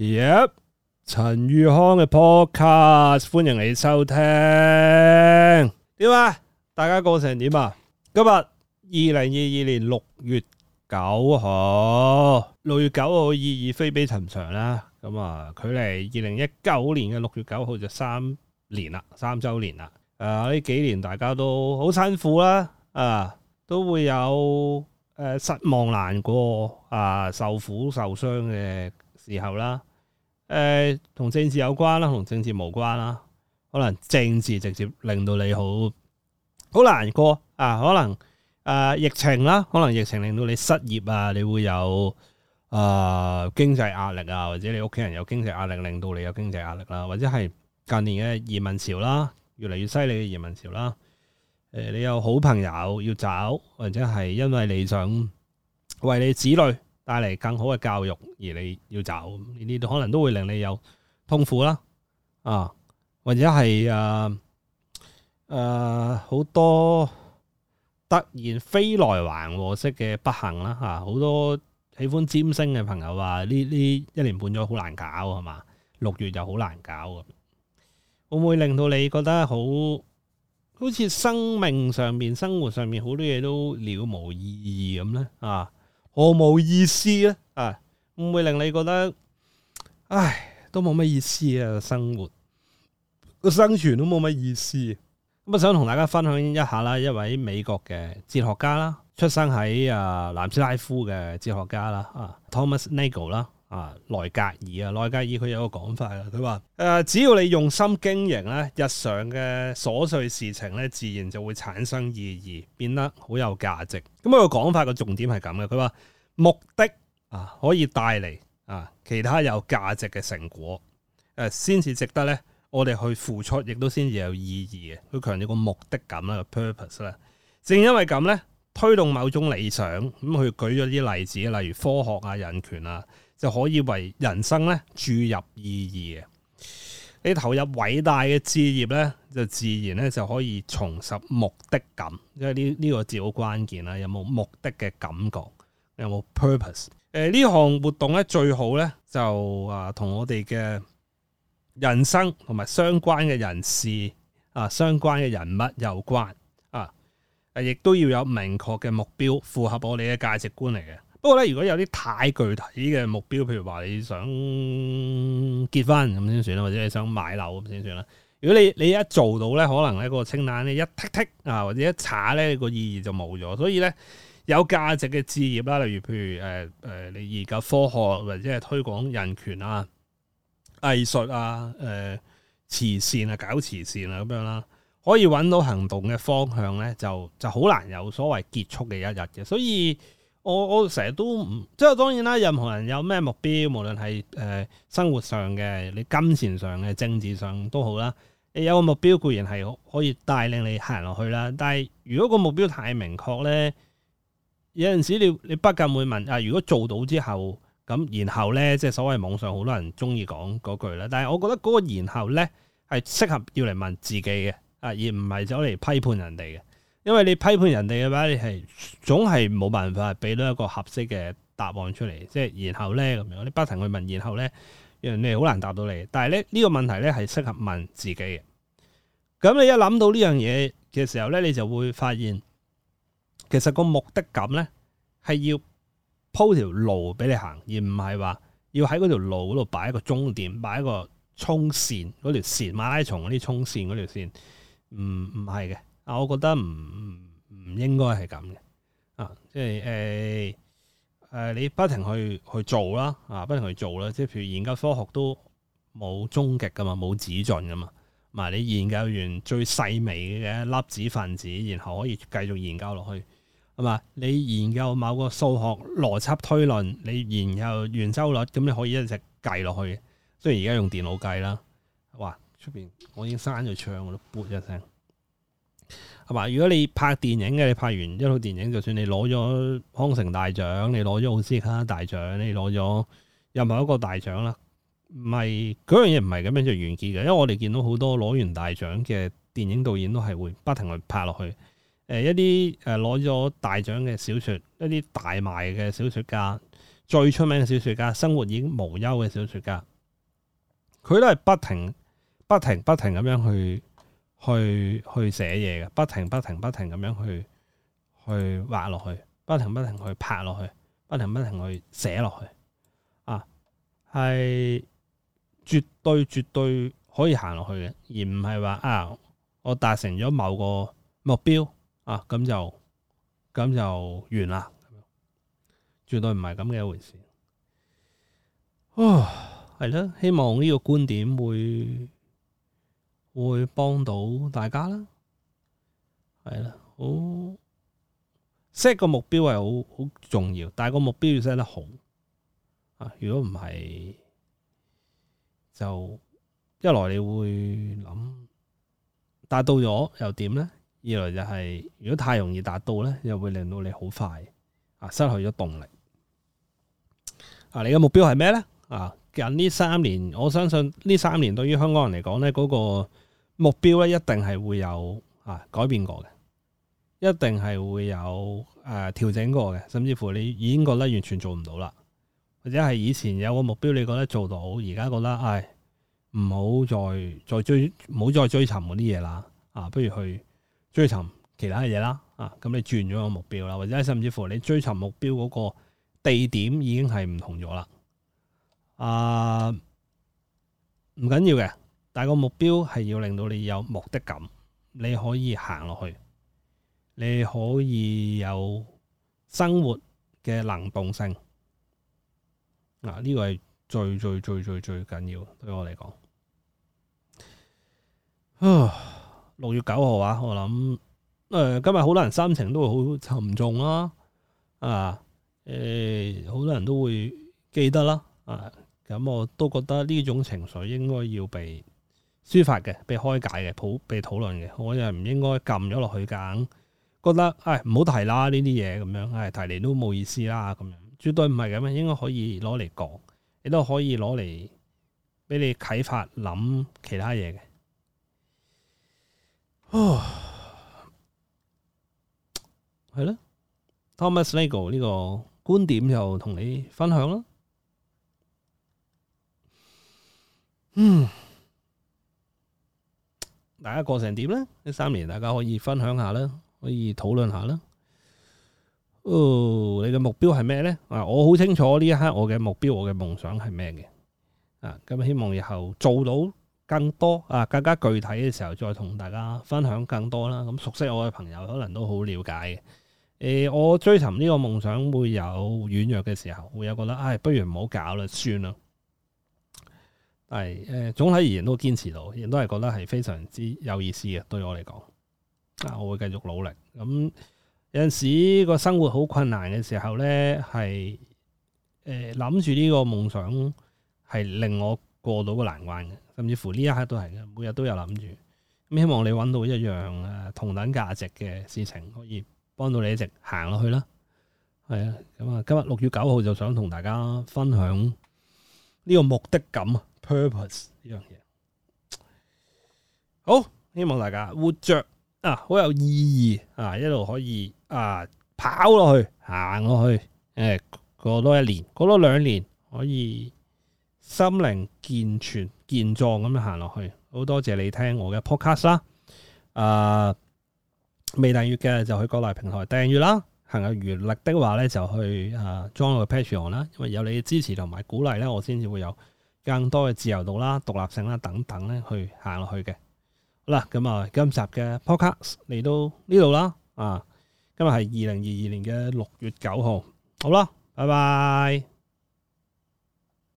yep 陳宇康嘅 podcast，歡迎你收聽。點啊？大家過成點啊？今日二零二二年六月九號，六月九號意義非比尋常啦。咁啊，距離二零一九年嘅六月九號就三年啦，三周年啦。誒、啊，呢幾年大家都好辛苦啦，啊，都會有誒、呃、失望、難過啊、受苦、受傷嘅時候啦。誒、呃，同政治有關啦，同政治無關啦。可能政治直接令到你好好難過啊。可能誒、呃、疫情啦，可能疫情令到你失業啊，你會有誒、呃、經濟壓力啊，或者你屋企人有經濟壓力，令到你有經濟壓力啦。或者係近年嘅移民潮啦，越嚟越犀利嘅移民潮啦。誒、呃，你有好朋友要找，或者係因為你想為你子女。帶嚟更好嘅教育，而你要走，呢度可能都會令你有痛苦啦，啊，或者係誒誒好多突然飛來橫禍式嘅不幸啦吓，好、啊、多喜歡占星嘅朋友話呢呢一年半載好難搞係嘛，六月就好難搞，會唔會令到你覺得好好似生命上面、生活上面好多嘢都了無意義咁咧啊？我冇意思咧，啊，唔會令你覺得，唉，都冇乜意思啊，生活個生存都冇乜意思。咁啊，想同大家分享一下啦，一位美國嘅哲學家啦，出生喺啊南斯拉夫嘅哲學家啦，啊 Thomas Nagel 啦。啊，內格爾啊，內格爾佢有個講法啦。佢話：誒，只要你用心經營咧，日常嘅瑣碎事情咧，自然就會產生意義，變得好有價值。咁個講法個重點係咁嘅。佢話目的啊，可以帶嚟啊其他有價值嘅成果，誒、啊，先至值得咧，我哋去付出，亦都先至有意義嘅。佢強調個目的感啦，purpose 啦。正因為咁咧，推動某種理想，咁佢舉咗啲例子，例如科學啊、人權啊。就可以為人生咧注入意義嘅，你投入偉大嘅志業咧，就自然咧就可以重拾目的感，因為呢呢、這個字好關鍵啦。有冇目的嘅感覺？有冇 purpose？誒、呢、呃、項活動咧最好咧就啊，同我哋嘅人生同埋相關嘅人士啊，相關嘅人物有關啊，誒、啊，亦都要有明確嘅目標，符合我哋嘅價值觀嚟嘅。不過咧，如果有啲太具體嘅目標，譬如話你想結婚咁先算啦，或者你想買樓咁先算啦。如果你你一做到咧，可能咧個清單咧一剔剔啊，或者一查咧，那個意義就冇咗。所以咧，有價值嘅事業啦，例如譬如誒誒，你研究科學或者係推廣人權啊、藝術啊、誒、呃、慈善啊、搞慈善啊咁樣啦，可以揾到行動嘅方向咧，就就好難有所謂結束嘅一日嘅。所以。我我成日都唔即係當然啦，任何人有咩目標，無論係誒生活上嘅，你金錢上嘅，政治上都好啦。你有個目標固然係可以帶領你行落去啦，但係如果個目標太明確呢，有陣時你你不禁會問啊：如果做到之後咁，然後呢？即係所謂網上好多人中意講嗰句啦，但係我覺得嗰個然後呢，係適合要嚟問自己嘅啊，而唔係走嚟批判人哋嘅。因為你批判人哋嘅話，你係總係冇辦法俾到一個合適嘅答案出嚟，即係然後咧咁樣，你不停去問然後咧，人哋你好難答到你。但係咧呢個問題咧係適合問自己嘅。咁你一諗到呢樣嘢嘅時候咧，你就會發現，其實個目的感咧係要鋪條路俾你行，而唔係話要喺嗰條路嗰度擺一個終點，擺一個衝線嗰條線，馬拉松嗰啲衝線嗰條線，唔唔係嘅。我覺得唔唔應該係咁嘅啊！即係誒誒，你不停去去做啦啊，不停去做啦！即係譬如研究科學都冇終極㗎嘛，冇止盡㗎嘛。同你研究完最細微嘅粒子分子，然後可以繼續研究落去。係嘛？你研究某個數學邏輯推論，你研究圓周率咁，噉你可以一直計落去。雖然而家用電腦計啦，哇！出邊我已經閂咗窗，我都噏一聲。係嘛？如果你拍電影嘅，你拍完一套電影，就算你攞咗康城大獎，你攞咗奧斯卡大獎，你攞咗任何一個大獎啦，唔係嗰樣嘢唔係咁樣就完結嘅。因為我哋見到好多攞完大獎嘅電影導演都係會不停去拍落去。誒一啲誒攞咗大獎嘅小説，一啲大賣嘅小説家，最出名嘅小説家，生活已經無憂嘅小説家，佢都係不停不停不停咁樣去。去去寫嘢嘅，不停不停不停咁樣去去畫落去，不停不停去拍落去，不停不停去寫落去，啊，係絕對絕對可以行落去嘅，而唔係話啊我達成咗某個目標啊咁就咁就完啦，絕對唔係咁嘅一回事。哦，係啦，希望呢個觀點會會幫到大家啦，係啦，好 set 個目標係好好重要，但係個目標要 set 得好。啊！如果唔係，就一來你會諗，達到咗又點呢？二來就係、是、如果太容易達到呢，又會令到你好快啊失去咗動力啊！你嘅目標係咩呢？啊，近呢三年，我相信呢三年對於香港人嚟講呢嗰個目標咧，一定係會有啊改變過嘅，一定係會有誒、呃、調整過嘅，甚至乎你已經覺得完全做唔到啦，或者係以前有個目標你覺得做到，而家覺得唉，唔好再再追，唔好再追尋嗰啲嘢啦啊，不如去追尋其他嘅嘢啦啊，咁你轉咗個目標啦，或者甚至乎你追尋目標嗰個地點已經係唔同咗啦啊，唔緊要嘅。但個目標係要令到你有目的感，你可以行落去，你可以有生活嘅能動性。嗱、啊，呢個係最最最最最緊要，對我嚟講。六月九號啊，我諗誒、呃，今日好多人心情都會好沉重啦、啊。啊，誒、呃，好多人都會記得啦、啊。啊，咁我都覺得呢種情緒應該要被。書法嘅被開解嘅普被討論嘅，我又唔應該撳咗落去緊，覺得哎唔好提啦呢啲嘢咁樣，唉，提嚟都冇意思啦咁樣，絕對唔係咁樣，應該可以攞嚟講，亦都可以攞嚟俾你啟發諗其他嘢嘅。哦，係咯，Thomas Nagel 呢個觀點又同你分享囉。嗯。大家過成點呢？呢三年大家可以分享下啦，可以討論下啦。哦，你嘅目標係咩呢？啊，我好清楚呢一刻我嘅目標，我嘅夢想係咩嘅？啊，咁希望以後做到更多啊，更加具體嘅時候再同大家分享更多啦。咁熟悉我嘅朋友可能都好了解嘅。誒、呃，我追尋呢個夢想會有軟弱嘅時候，會有覺得唉、哎，不如唔好搞啦，算啦。係誒，總體而言都堅持到，亦都係覺得係非常之有意思嘅。對我嚟講，啊我會繼續努力。咁有陣時個生活好困難嘅時候咧，係誒諗住呢個夢想係令我過到個難關嘅，甚至乎呢一刻都係嘅。每日都有諗住，咁希望你搵到一樣誒同等價值嘅事情，可以幫到你一直行落去啦。係啊，咁啊，今日六月九號就想同大家分享呢個目的感啊！purpose 呢樣嘢，好希望大家活着啊，好有意義啊，一路可以啊跑落去，行落去，誒、嗯、過多一年過多兩年，可以心靈健全健壯咁樣行落去。好多謝你聽我嘅 podcast 啦、啊，啊未訂閱嘅就去各大平台訂閱啦，行有餘力的話咧就去啊 join 個 patreon 啦，因為有你嘅支持同埋鼓勵咧，我先至會有。更多嘅自由度啦、獨立性啦等等咧，去行落去嘅。好啦，咁啊，今集嘅 Podcast 嚟到呢度啦。啊，今日係二零二二年嘅六月九號。好啦，拜拜。